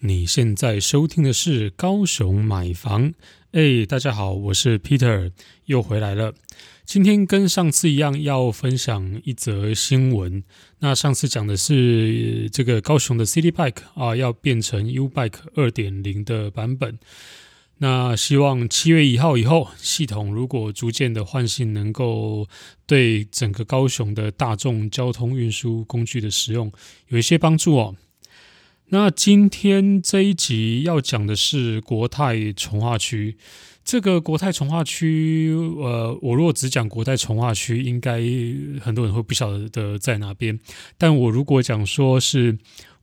你現在收聽的是高雄買房。哎，大家好，我是 Peter，又回來了。今天跟上次一樣，要分享一則新聞。那上次講的是、呃、這個高雄的 City Bike 啊，要變成 U Bike 二點零的版本。那希望七月一號以後，系統如果逐漸的換新，能夠對整個高雄的大眾交通運輸工具的使用有一些幫助哦。那今天這一集要講的是國泰重劃區。這個國泰重劃區，呃，我如果只講國泰重劃區，應該很多人會不曉得在哪邊，但我如果講說是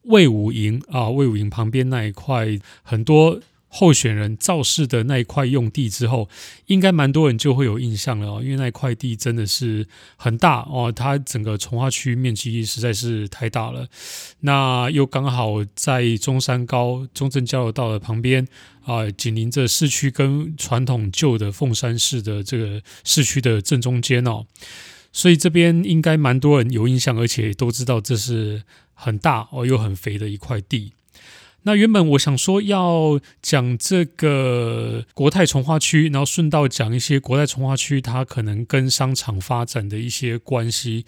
衛武營啊，衛武營旁邊那一塊很多。候選人造勢的那一塊用地之後，應該蠻多人就會有印象了哦，因為那塊地真的是很大哦，它整個重劃區面積實在是太大了。那又剛好在中山高中正交流道的旁邊啊，緊鄰着市區跟傳統舊的鳳山市的這個市區的正中間哦，所以這邊應該蠻多人有印象，而且都知道這是很大哦又很肥的一塊地。那原本我想說要講這個國泰重劃區，然後順道講一些國泰重劃區它可能跟商場發展的一些關係，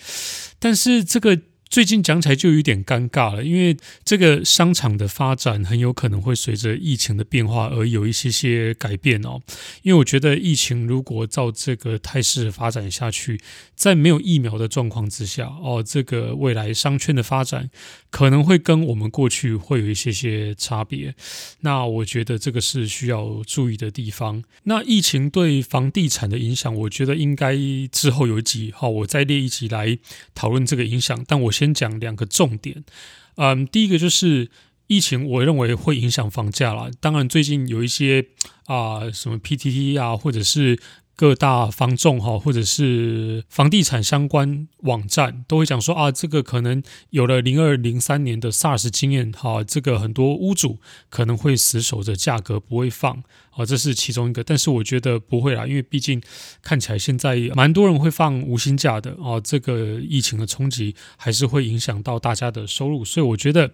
但是這個。最近講起來就有點尷尬了，因為這個商場的發展很有可能會隨着疫情的變化而有一些些改變哦。因為我覺得疫情如果照這個態勢發展下去，在沒有疫苗的狀況之下哦，這個未來商圈的發展可能會跟我們過去會有一些些差別。那我覺得這個是需要注意的地方。那疫情對房地產的影響，我覺得應該之後有一集，好、哦，我再列一集來討論這個影響。但我先。先講兩個重點，嗯，第一個就是疫情，我認為會影響房價了。當然，最近有一些啊、呃，什麼 PTT 啊，或者是。各大房仲哈，或者是房地產相關網站都會講說啊，這個可能有了零二零三年的 SARS 經驗，哈、啊，這個很多屋主可能會死守着價格不會放，啊，這是其中一個。但是我覺得不會啦，因為畢竟看起來現在蠻多人會放無薪假的，啊，這個疫情的衝擊還是會影響到大家的收入，所以我覺得。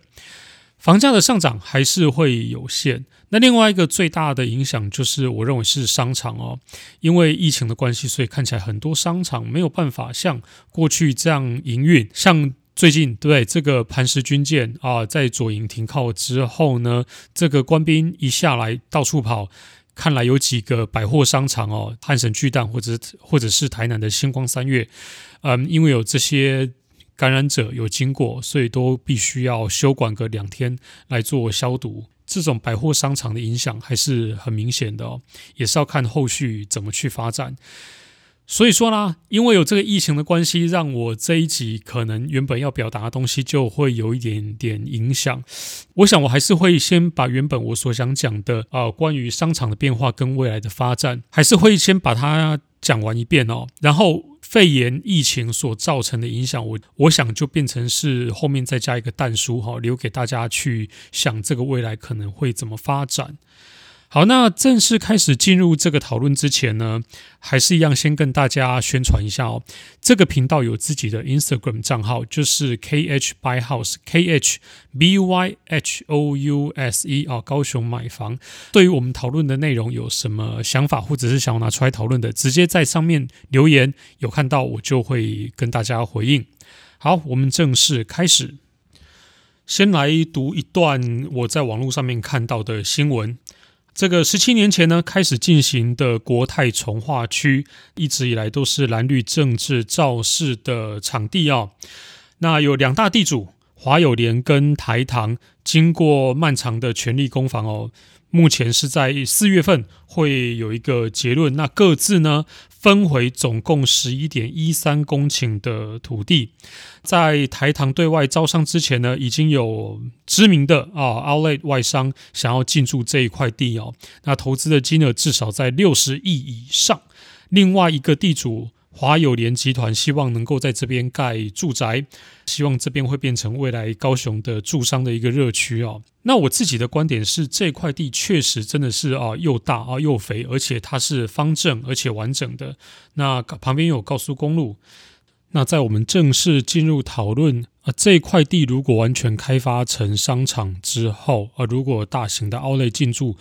房價的上漲還是會有限。那另外一個最大的影響就是，我認為是商場哦，因為疫情的關係，所以看起來很多商場沒有辦法像過去這樣營運。像最近，對不對？這個磐石軍艦啊，在左營停靠之後呢，這個官兵一下來到處跑，看來有幾個百貨商場哦，漢神巨蛋或者或者是台南的新光三越，嗯，因為有這些。感染者有經過，所以都必須要休館個兩天來做消毒。這種百貨商場的影響還是很明顯的哦，也是要看後續怎麼去發展。所以說呢，因為有這個疫情的關係，讓我這一集可能原本要表達的東西就會有一點點影響。我想我還是會先把原本我所想講的啊，呃，關於商場的變化跟未來的發展，還是會先把它講完一遍哦，然後。肺炎疫情所造成的影響，我我想就變成是後面再加一個但書哈，留給大家去想這個未來可能會怎麼發展。好，那正式開始進入這個討論之前呢，還是一樣先跟大家宣傳一下哦。這個頻道有自己的 Instagram 賬號，就是 K H Buy House，K H B Y H O U S E 啊，高雄買房。對於我們討論的內容有什麼想法，或者是想要拿出來討論的，直接在上面留言，有看到我就會跟大家回應。好，我們正式開始。先來讀一段我在網絡上面看到的新聞。這個十七年前呢，開始進行的國泰重劃區，一直以來都是藍綠政治造勢的場地哦，那有兩大地主華友聯跟台糖，經過漫長的權力攻防哦，目前是在四月份會有一個結論。那各自呢？分回總共十一點一三公頃的土地，在台糖對外招商之前呢，已經有知名的啊 Outlet 外商想要進駐這一塊地哦，那投資的金額至少在六十億以上，另外一個地主。華友聯集團希望能夠在這邊蓋住宅，希望這邊會變成未來高雄的住商的一個熱區哦。那我自己的觀點是，這塊地確實真的是啊又大啊又肥，而且它是方正而且完整的。那旁邊有高速公路。那在我們正式進入討論啊，這塊地如果完全開發成商場之後啊，如果大型的奧萊進駐，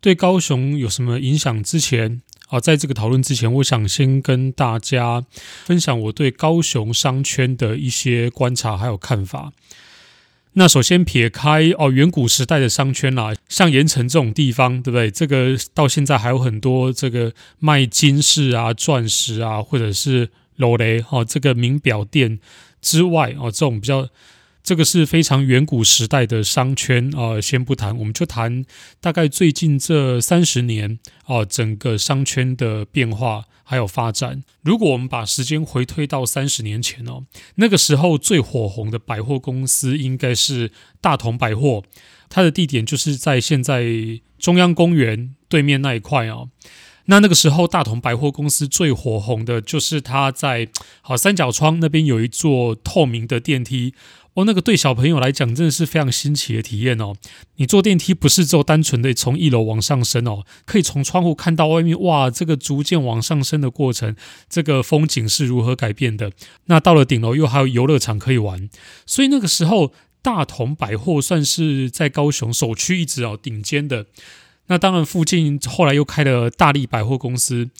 對高雄有什麼影響之前，啊，在這個討論之前，我想先跟大家分享我對高雄商圈的一些觀察還有看法。那首先撇開哦，遠古時代的商圈啦、啊，像鹽埕這種地方，對不對？這個到現在還有很多這個賣金飾啊、鑽石啊，或者是樓雷哈、啊、這個名錶店之外哦，這種比較。這個是非常遠古時代的商圈啊、呃，先不談，我們就談大概最近這三十年啊、呃，整個商圈的變化還有發展。如果我們把時間回推到三十年前哦，那個時候最火紅的百貨公司應該是大同百貨，它的地點就是在現在中央公園對面那一塊哦。那那個時候大同百貨公司最火紅的就是它在好三角窗那邊有一座透明的電梯。哦，那個對小朋友來講真的是非常新奇的體驗哦。你坐電梯不是就單純的從一樓往上升哦，可以從窗戶看到外面哇，這個逐漸往上升的過程，這個風景是如何改變的。那到了頂樓又還有遊樂場可以玩，所以那個時候大同百貨算是在高雄首屈一指哦，頂尖的。那當然附近後來又開了大立百貨公司。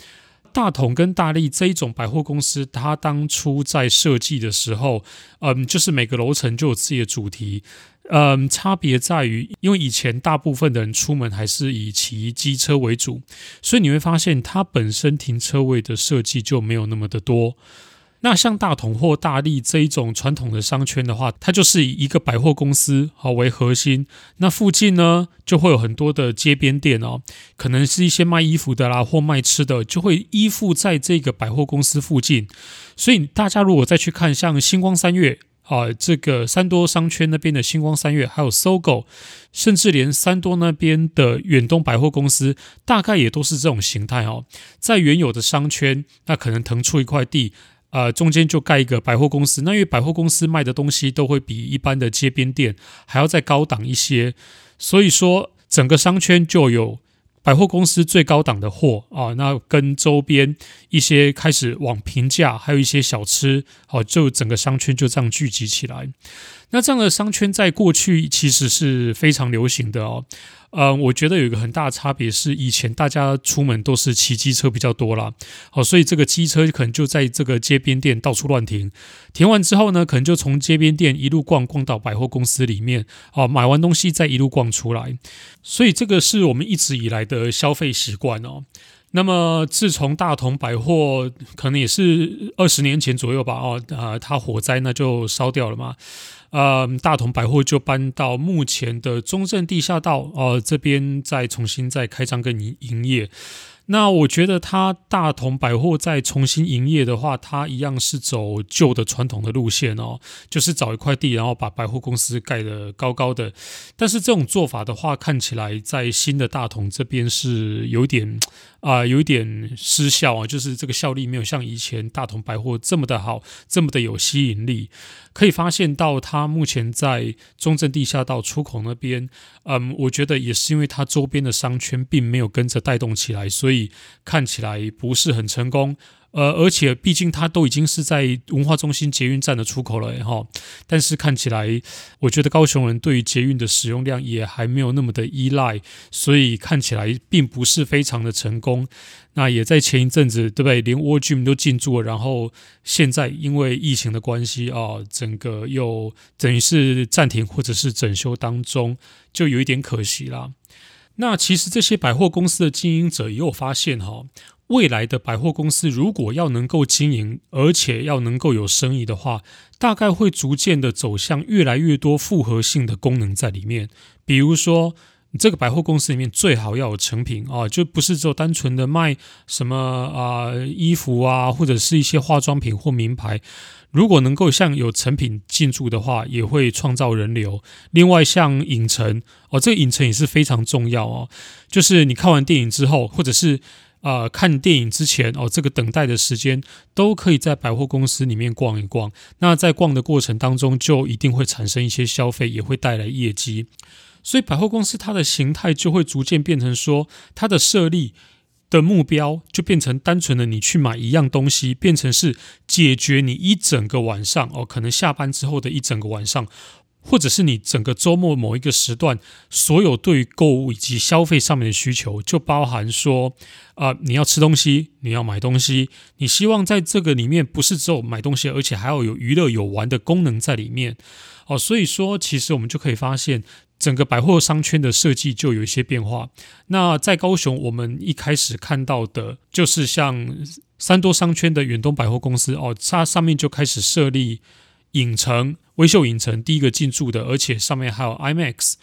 大統跟大立這一種百貨公司，它當初在設計的時候，嗯，就是每個樓層就有自己的主題，嗯，差別在於，因為以前大部分的人出門還是以騎機車為主，所以你會發現它本身停車位的設計就沒有那麼的多。那像大統或大立這一種傳統的商圈的話，它就是以一個百貨公司啊為核心。那附近呢，就會有很多的街邊店哦，可能是一些賣衣服的啦，或賣吃的，就會依附在這個百貨公司附近。所以大家如果再去看像新光三越啊、呃，這個三多商圈那邊的新光三越，還有 SOGO，甚至連三多那邊的遠東百貨公司，大概也都是這種形態哦。在原有的商圈，那可能騰出一塊地。呃，中間就蓋一個百貨公司，那因為百貨公司賣的東西都會比一般的街邊店還要再高檔一些，所以說整個商圈就有百貨公司最高檔的貨啊，那跟周邊一些開始往平價，還有一些小吃，哦、啊，就整個商圈就這樣聚集起來。那這樣的商圈在過去其實是非常流行的哦，嗯，我覺得有一個很大的差別是，以前大家出門都是騎機車比較多啦。哦，所以這個機車可能就在這個街邊店到處亂停，停完之後呢，可能就從街邊店一路逛逛到百貨公司裡面，啊，買完東西再一路逛出來，所以這個是我們一直以來的消費習慣哦。那麼，自從大同百貨可能也是二十年前左右吧，哦，啊，它火災呢就燒掉了嘛，呃，大同百貨就搬到目前的中正地下道，哦、呃，這邊再重新再開張跟營營業。那我覺得他大同百貨在重新營業的話，它一樣是走舊的傳統的路線哦，就是找一塊地，然後把百貨公司蓋得高高的。但是這種做法的話，看起來在新的大同這邊是有點啊、呃，有一點失效啊，就是這個效力沒有像以前大同百貨這麼的好，這麼的有吸引力。可以發現到，它目前在中正地下道出口那邊，嗯，我覺得也是因為它周邊的商圈並沒有跟着帶動起來，所以。看起來不是很成功，呃，而且畢竟它都已經是在文化中心捷運站的出口了哈，但是看起來，我覺得高雄人對於捷運的使用量也還沒有那麼的依賴，所以看起來並不是非常的成功。那也在前一陣子，對不對？連 World Gym 都進駐了，然後現在因為疫情的關係啊，整個又等於是暫停或者是整修當中，就有一點可惜啦。那其實這些百貨公司的經營者也有發現哈、哦，未來的百貨公司如果要能夠經營，而且要能夠有生意的話，大概會逐漸的走向越來越多複合性的功能在裡面。比如說，這個百貨公司裡面最好要有成品啊，就不是只有單純的賣什麼啊、呃、衣服啊，或者是一些化妝品或名牌。如果能夠像有成品進駐的話，也會創造人流。另外，像影城哦，這個影城也是非常重要哦。就是你看完電影之後，或者是啊、呃、看電影之前哦，這個等待的時間都可以在百貨公司裡面逛一逛。那在逛的過程當中，就一定會產生一些消費，也會帶來業績。所以百貨公司它的形態就會逐漸變成說，它的設立。的目標就變成單純的你去買一樣東西，變成是解決你一整個晚上哦，可能下班之後的一整個晚上，或者是你整個周末某一個時段，所有對於購物以及消費上面的需求，就包含說啊、呃，你要吃東西，你要買東西，你希望在這個裡面不是只有買東西，而且還要有娛樂、有玩的功能在裡面哦、呃。所以說，其實我們就可以發現。整個百貨商圈的設計就有一些變化。那在高雄，我們一開始看到的就是像三多商圈的遠東百貨公司哦，它上面就開始設立影城，威秀影城第一個進駐的，而且上面還有 IMAX。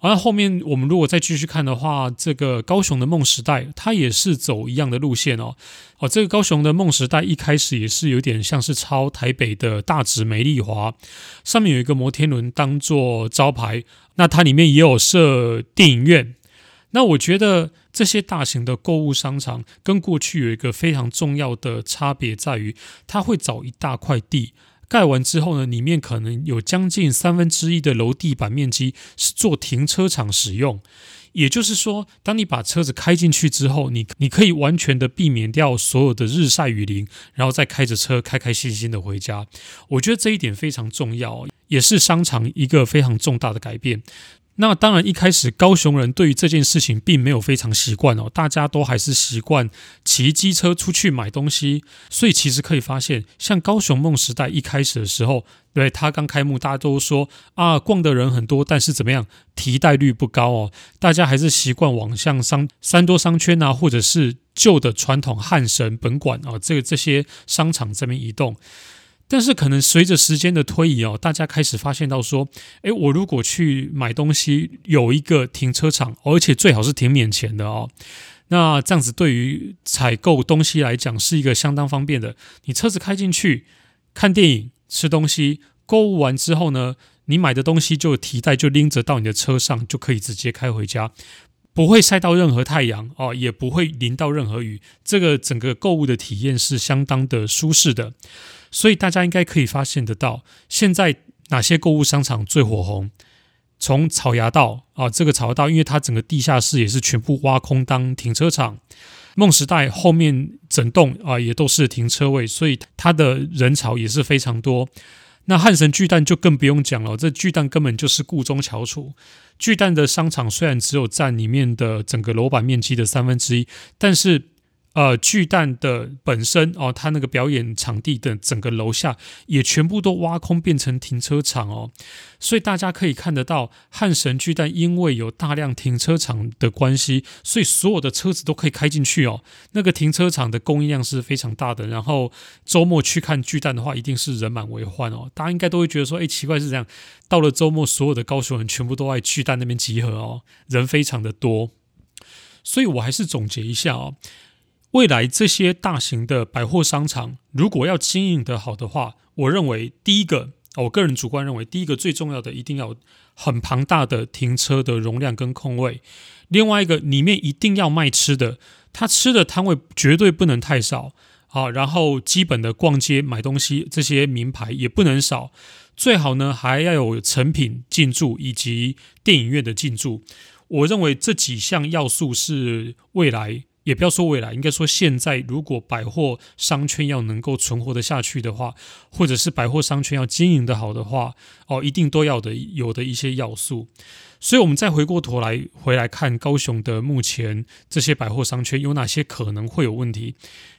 哦，那後面我們如果再繼續看的話，這個高雄的夢時代它也是走一樣的路線哦。哦，這個高雄的夢時代一開始也是有點像是抄台北的大直美麗華，上面有一個摩天輪當做招牌。那它裡面也有設電影院。那我覺得這些大型的購物商場跟過去有一個非常重要的差別，在於它會找一大塊地，蓋完之後呢，裡面可能有將近三分之一的樓地板面積是做停車場使用。也就是說，當你把車子開進去之後，你你可以完全的避免掉所有的日曬雨淋，然後再開着車開開心心的回家。我覺得這一點非常重要，也是商場一個非常重大的改變。那當然，一開始高雄人對於這件事情並沒有非常習慣哦，大家都還是習慣騎機車出去買東西，所以其實可以發現，像高雄夢時代一開始的時候，對他剛開幕，大家都說啊，逛的人很多，但是怎麼樣，提袋率不高哦，大家還是習慣往像商三多商圈啊，或者是舊的傳統漢神本館啊，這個這些商場這邊移動。但是可能隨着時間的推移哦，大家開始發現到說，誒、欸，我如果去買東西，有一個停車場，而且最好是停免錢的哦。那這樣子對於採購東西來講，是一個相當方便的。你車子開進去，看電影、吃東西、購物完之後呢，你買的東西就有提袋就拎着到你的車上，就可以直接開回家，不會曬到任何太陽哦，也不會淋到任何雨。這個整個購物的體驗是相當的舒適的。所以大家應該可以發現得到，現在哪些購物商場最火紅？從草衙道啊，這個草衙道，因為它整個地下室也是全部挖空當停車場，夢時代後面整棟啊也都是停車位，所以它的人潮也是非常多。那漢神巨蛋就更不用講了，這巨蛋根本就是個中翹楚。巨蛋的商場雖然只有佔裡面的整個樓板面積的三分之一，但是。呃，巨蛋的本身哦，它那個表演場地的整個樓下也全部都挖空變成停車場哦，所以大家可以看得到，漢神巨蛋因為有大量停車場的關係，所以所有的車子都可以開進去哦。那個停車場的供應量是非常大的。然後週末去看巨蛋的話，一定是人滿為患哦。大家應該都會覺得說，哎，奇怪是這樣，到了週末，所有的高雄人全部都在巨蛋那邊集合哦，人非常的多。所以我還是總結一下哦。未來這些大型的百貨商場，如果要經營得好的話，我認為第一個，我個人主觀認為，第一個最重要的，一定要很龐大的停車的容量跟空位。另外一個，裡面一定要賣吃的，他吃的攤位絕對不能太少啊。然後基本的逛街買東西這些名牌也不能少，最好呢還要有誠品進駐以及電影院的進駐。我認為這幾項要素是未來。也不要說未來，應該說現在，如果百貨商圈要能夠存活得下去的話，或者是百貨商圈要經營得好的話，哦，一定都要有的有的一些要素。所以，我們再回過頭來回來看高雄的目前這些百貨商圈有哪些可能會有問題。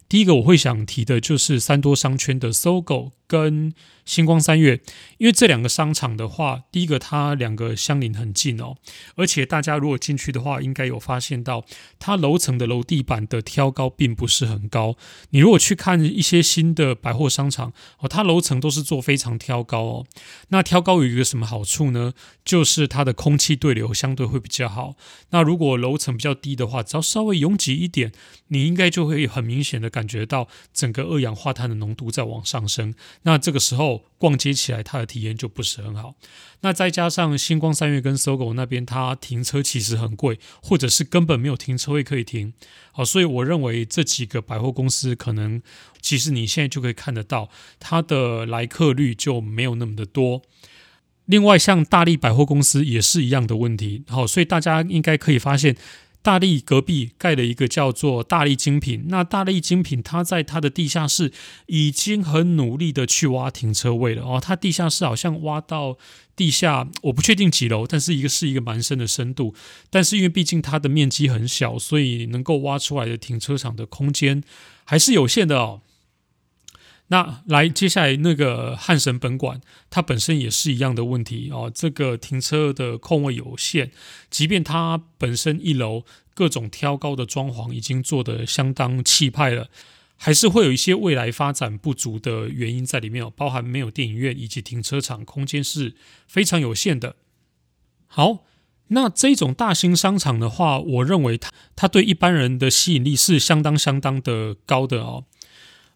第一個我會想提的就是三多商圈的 SOGO。跟新光三越，因為這兩個商場的話，第一個它兩個相鄰很近哦，而且大家如果進去的話，應該有發現到它樓層的樓地板的挑高並不是很高。你如果去看一些新的百貨商場哦，它樓層都是做非常挑高哦。那挑高有一個什麼好處呢？就是它的空氣對流相對會比較好。那如果樓層比較低的話，只要稍微擁擠一點，你應該就會很明顯的感覺到整個二氧化碳的濃度在往上升。那這個時候逛街起來，它的體驗就不是很好。那再加上新光三越跟 SOGO 那邊，它停車其實很貴，或者是根本沒有停車位可以停。好，所以我認為這幾個百貨公司可能，其實你現在就可以看得到，它的來客率就沒有那麼的多。另外，像大立百貨公司也是一樣的問題。好，所以大家應該可以發現。大力隔壁蓋了一個叫做大立精品，那大立精品它在它的地下室已經很努力地去挖停車位了哦，它地下室好像挖到地下，我不確定幾樓，但是一個是一個蠻深的深度，但是因為畢竟它的面積很小，所以能夠挖出來的停車場的空間還是有限的哦。那來，接下來那個漢神本館，它本身也是一樣的問題哦。這個停車的空位有限，即便它本身一樓各種挑高的裝潢已經做得相當氣派了，還是會有一些未來發展不足的原因在裡面哦，包含沒有電影院以及停車場空間是非常有限的。好，那這種大型商場的話，我認為它它對一般人的吸引力是相當相當的高的哦。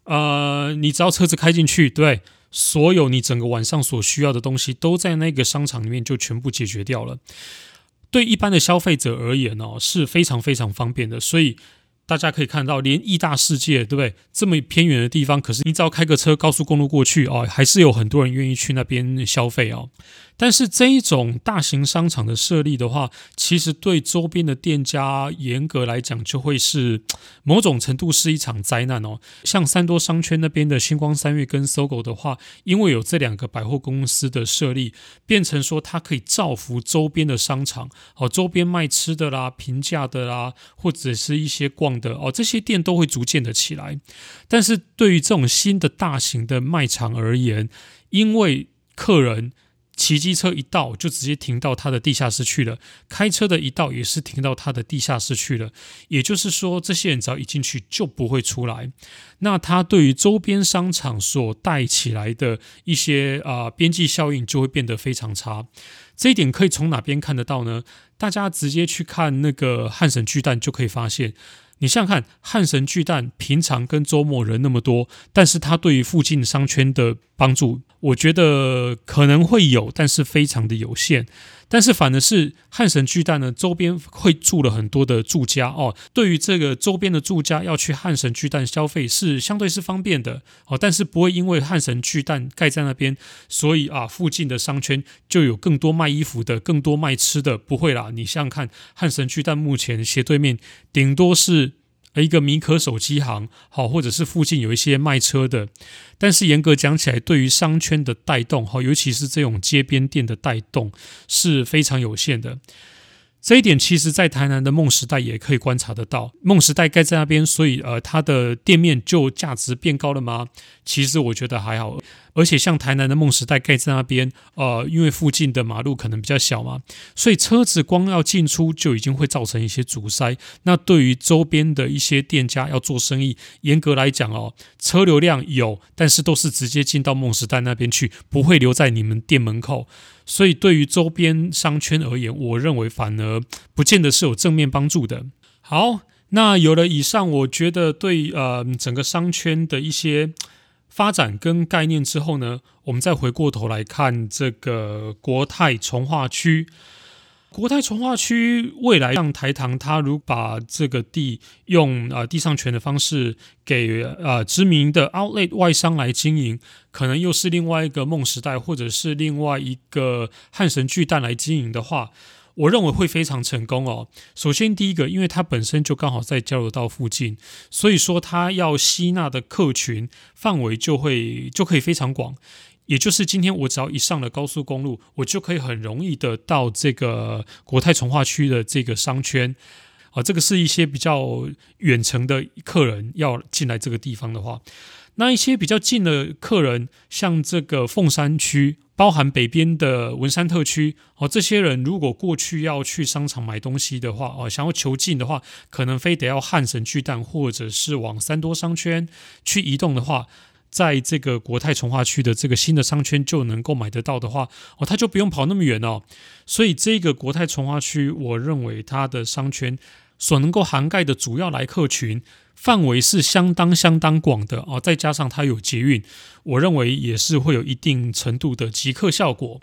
呃，你只要車子開進去，對，所有你整個晚上所需要的東西都在那個商場裡面就全部解決掉了。對一般的消費者而言呢、哦，是非常非常方便的。所以大家可以看到，連義大世界，對不對？這麼偏遠的地方，可是你只要開個車高速公路過去哦，還是有很多人願意去那邊消費哦。但是這一種大型商場的設立的話，其實對周邊的店家嚴格來講，就會是某種程度是一場災難哦。像三多商圈那邊的新光三越跟 SOGO 的話，因為有這兩個百貨公司的設立，變成說它可以造福周邊的商場哦，周邊賣吃的啦、平價的啦，或者是一些逛的哦，這些店都會逐漸的起來。但是對於這種新的大型的賣場而言，因為客人。騎機車一到就直接停到他的地下室去了，開車的一到也是停到他的地下室去了。也就是說，這些人只要一進去就不會出來。那他對於周邊商場所帶起來的一些啊、呃、邊際效應就會變得非常差。這一點可以從哪邊看得到呢？大家直接去看那個漢神巨蛋就可以發現。你想想看，漢神巨蛋平常跟周末人那麼多，但是他對於附近商圈的幫助，我覺得可能會有，但是非常的有限。但是反的是漢神巨蛋呢，周邊會住了很多的住家哦。對於這個周邊的住家要去漢神巨蛋消費，是相對是方便的哦。但是不會因為漢神巨蛋蓋在那邊，所以啊，附近的商圈就有更多賣衣服的、更多賣吃的，不會啦。你想想看，漢神巨蛋目前斜對面，頂多是。而一個米可手機行，好，或者是附近有一些賣車的，但是嚴格講起來，對於商圈的帶動，哈，尤其是這種街邊店的帶動，是非常有限的。這一點其實在台南的夢時代也可以觀察得到，夢時代蓋在那邊，所以呃，它的店面就價值變高了嗎？其實我覺得還好，而且像台南的夢時代蓋在那邊，呃，因為附近的馬路可能比較小嘛，所以車子光要進出就已經會造成一些阻塞。那對於周邊的一些店家要做生意，嚴格來講哦，車流量有，但是都是直接進到夢時代那邊去，不會留在你們店門口。所以，對於周邊商圈而言，我認為反而不見得是有正面幫助的。好，那有了以上，我覺得對呃整個商圈的一些發展跟概念之後呢，我們再回過頭來看這個國泰重劃區。國泰重劃區未來，讓台糖，它如把這個地用啊地上權的方式給啊知名的 outlet 外商來經營，可能又是另外一個夢時代，或者是另外一個漢神巨蛋來經營的話，我認為會非常成功哦。首先，第一個，因為它本身就剛好在交流道附近，所以說它要吸納的客群範圍就會就可以非常廣。也就是今天我只要一上了高速公路，我就可以很容易的到這個國泰重劃區的這個商圈，啊，這個是一些比較遠程的客人要進來這個地方的話，那一些比較近的客人，像這個鳳山區，包含北邊的文山特區，哦、啊，這些人如果過去要去商場買東西的話，哦、啊，想要求近的話，可能非得要漢神巨蛋或者是往三多商圈去移動的話。在這個國泰重劃區的這個新的商圈就能夠買得到的話，哦，它就不用跑那麼遠哦。所以這個國泰重劃區，我認為它的商圈所能夠涵蓋的主要來客群範圍是相當相當廣的哦。再加上它有捷運，我認為也是會有一定程度的集客效果。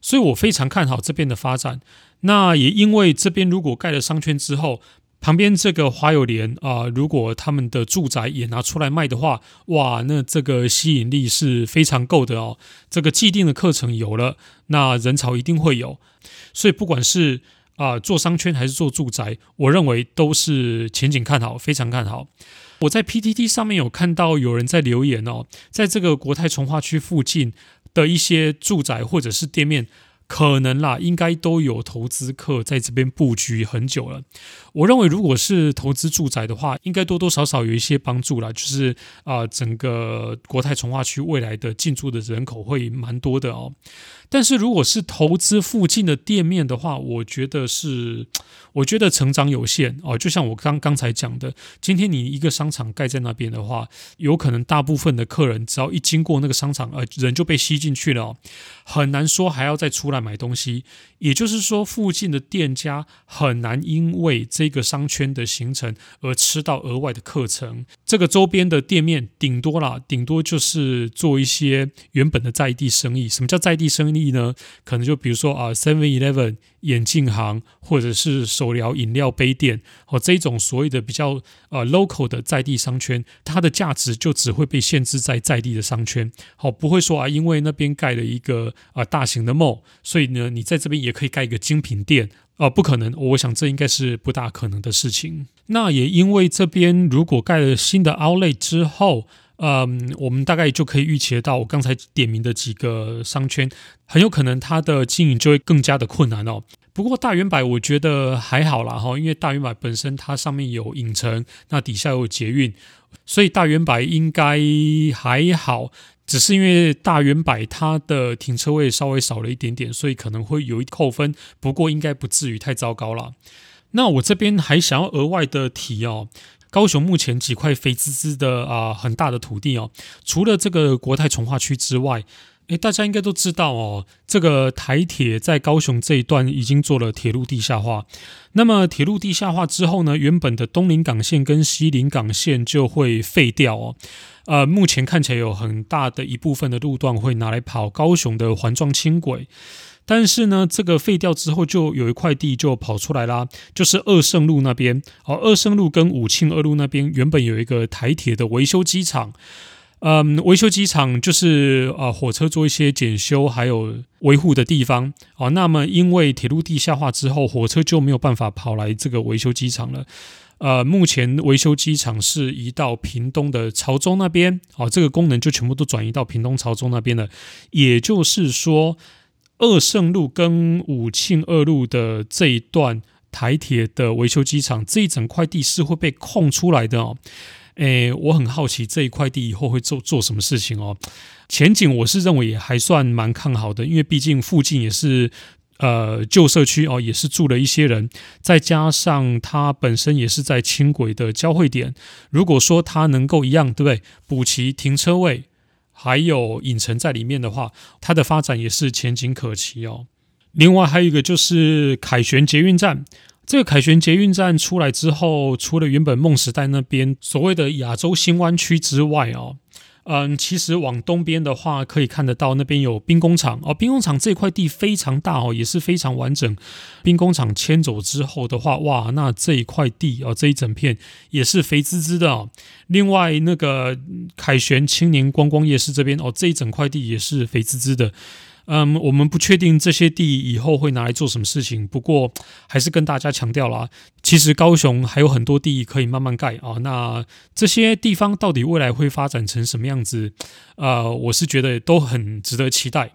所以我非常看好這邊的發展。那也因為這邊如果蓋了商圈之後，旁邊這個華友聯啊，如果他們的住宅也拿出來賣的話，哇，那這個吸引力是非常夠的哦。這個既定的課程有了，那人潮一定會有。所以不管是啊、呃、做商圈還是做住宅，我認為都是前景看好，非常看好。我在 PTT 上面有看到有人在留言哦，在這個國泰重劃區附近的一些住宅或者是店面。可能啦，應該都有投資客在這邊布局很久了。我認為，如果是投資住宅的話，應該多多少少有一些幫助啦。就是啊、呃，整個國泰重劃區未來的進駐的人口會蠻多的哦。但是如果是投資附近的店面的話，我覺得是，我覺得成長有限哦。就像我剛剛才講的，今天你一個商場蓋在那邊的話，有可能大部分的客人只要一經過那個商場，呃，人就被吸進去了，很難說還要再出來買東西。也就是說，附近的店家很難因為這個商圈的形成而吃到額外的客層，這個周邊的店面頂多啦，頂多就是做一些原本的在地生意。什麼叫在地生意？意呢，可能就比如說啊，Seven Eleven 眼鏡行，或者是手搖飲料杯店，哦，這種所謂的比較 local 的在地商圈，它的價值就只會被限制在在地的商圈，好，不會說啊，因為那邊蓋了一個啊大型的 mall，所以呢，你在這邊也可以蓋一個精品店，啊，不可能，我想這應該是不大可能的事情。那也因為這邊如果蓋了新的 Outlet 之後。嗯，um, 我們大概就可以預期得到，我剛才點名的幾個商圈，很有可能它的經營就會更加的困難哦。不過大遠百我覺得還好啦。哈，因為大遠百本身它上面有影城，那底下有捷運，所以大遠百應該還好。只是因為大遠百它的停車位稍微少了一點點，所以可能會有一扣分，不過應該不至於太糟糕啦。那我這邊還想要額外的提哦。高雄目前幾塊肥滋滋的啊、呃，很大的土地哦，除了這個國泰重劃區之外，欸，大家應該都知道哦，這個台鐵在高雄這一段已經做了鐵路地下化。那麼鐵路地下化之後呢，原本的東臨港線跟西臨港線就會廢掉哦。呃，目前看起來有很大的一部分的路段會拿來跑高雄的環狀輕軌。但是呢，這個廢掉之後，就有一塊地就跑出來啦，就是二聖路那邊。而二聖路跟武慶二路那邊原本有一個台鐵的維修機場，嗯，維修機場就是啊，火車做一些檢修還有維護的地方。哦，那麼因為鐵路地下化之後，火車就沒有辦法跑來這個維修機場了。呃，目前維修機場是移到屏東的潮州那邊。哦，這個功能就全部都轉移到屏東潮州那邊了。也就是說，二聖路跟武慶二路的這一段台鐵的維修機廠，這一整塊地是會被空出來的哦，誒、欸，我很好奇這一塊地以後會做做什麼事情哦，前景我是認為也還算蠻看好的，因為畢竟附近也是呃舊社區哦，也是住了一些人，再加上它本身也是在輕軌的交匯點，如果說它能夠一樣對不對，補齊停車位。還有影城在裡面的話，它的發展也是前景可期哦。另外還有一個就是凱旋捷運站，這個凱旋捷運站出來之後，除了原本夢時代那邊所謂的亞洲新灣區之外哦。嗯，其實往東邊的話，可以看得到那邊有兵工廠哦，兵工廠這塊地非常大哦，也是非常完整。兵工廠遷走之後的話，哇，那這一塊地哦，這一整片也是肥滋滋的哦。另外，那個凱旋青年觀光夜市這邊哦，這一整塊地也是肥滋滋的。嗯，um, 我們不確定這些地以後會拿來做什麼事情，不過還是跟大家強調啦，其實高雄還有很多地可以慢慢蓋啊。那這些地方到底未來會發展成什麼樣子？呃，我是覺得都很值得期待。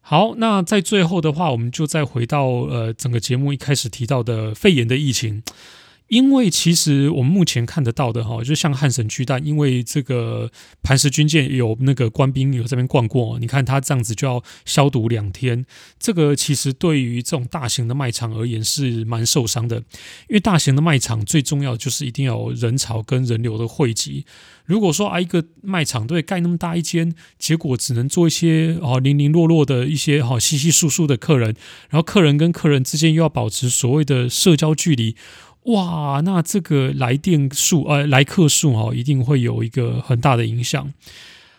好，那在最後的話，我們就再回到呃整個節目一開始提到的肺炎的疫情。因為其實我們目前看得到的哈，就像漢神巨蛋，因為這個磐石軍艦有那個官兵有這邊逛過，你看他這樣子就要消毒兩天，這個其實對於這種大型的賣場而言是蠻受傷的，因為大型的賣場最重要就是一定要有人潮跟人流的匯集。如果說啊一個賣場對蓋那麼大一間，結果只能做一些零零落落的一些哈稀稀疏疏的客人，然後客人跟客人之間又要保持所謂的社交距離。哇，那這個來店數呃來客數哈、哦，一定會有一個很大的影響。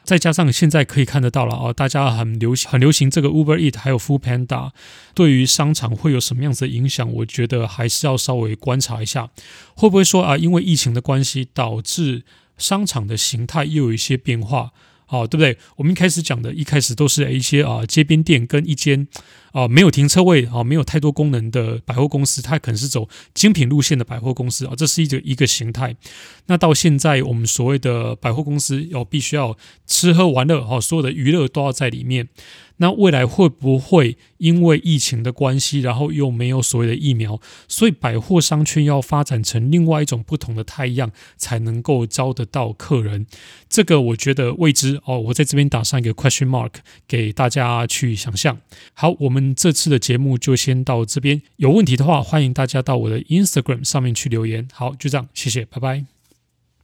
再加上現在可以看得到了啊、哦，大家很流行、很流行這個 Uber Eat 還有 Food Panda，對於商場會有什麼樣子的影響？我覺得還是要稍微觀察一下，會不會說啊、呃，因為疫情的關係，導致商場的形態又有一些變化，哦，對不對？我們一開始講的，一開始都是一些啊、呃、街邊店跟一間。哦，沒有停車位，哈，沒有太多功能的百貨公司，它可能是走精品路線的百貨公司啊，這是一個一個形態。那到現在，我們所謂的百貨公司要必須要吃喝玩樂，哈，所有的娛樂都要在裡面。那未來會不會因為疫情的關係，然後又沒有所謂的疫苗，所以百貨商圈要發展成另外一種不同的態樣，才能夠招得到客人？這個我覺得未知哦，我在這邊打上一個 question mark，給大家去想象。好，我們。嗯，這次的節目就先到這邊。有問題的話，歡迎大家到我的 Instagram 上面去留言。好，就這樣，謝謝，拜拜。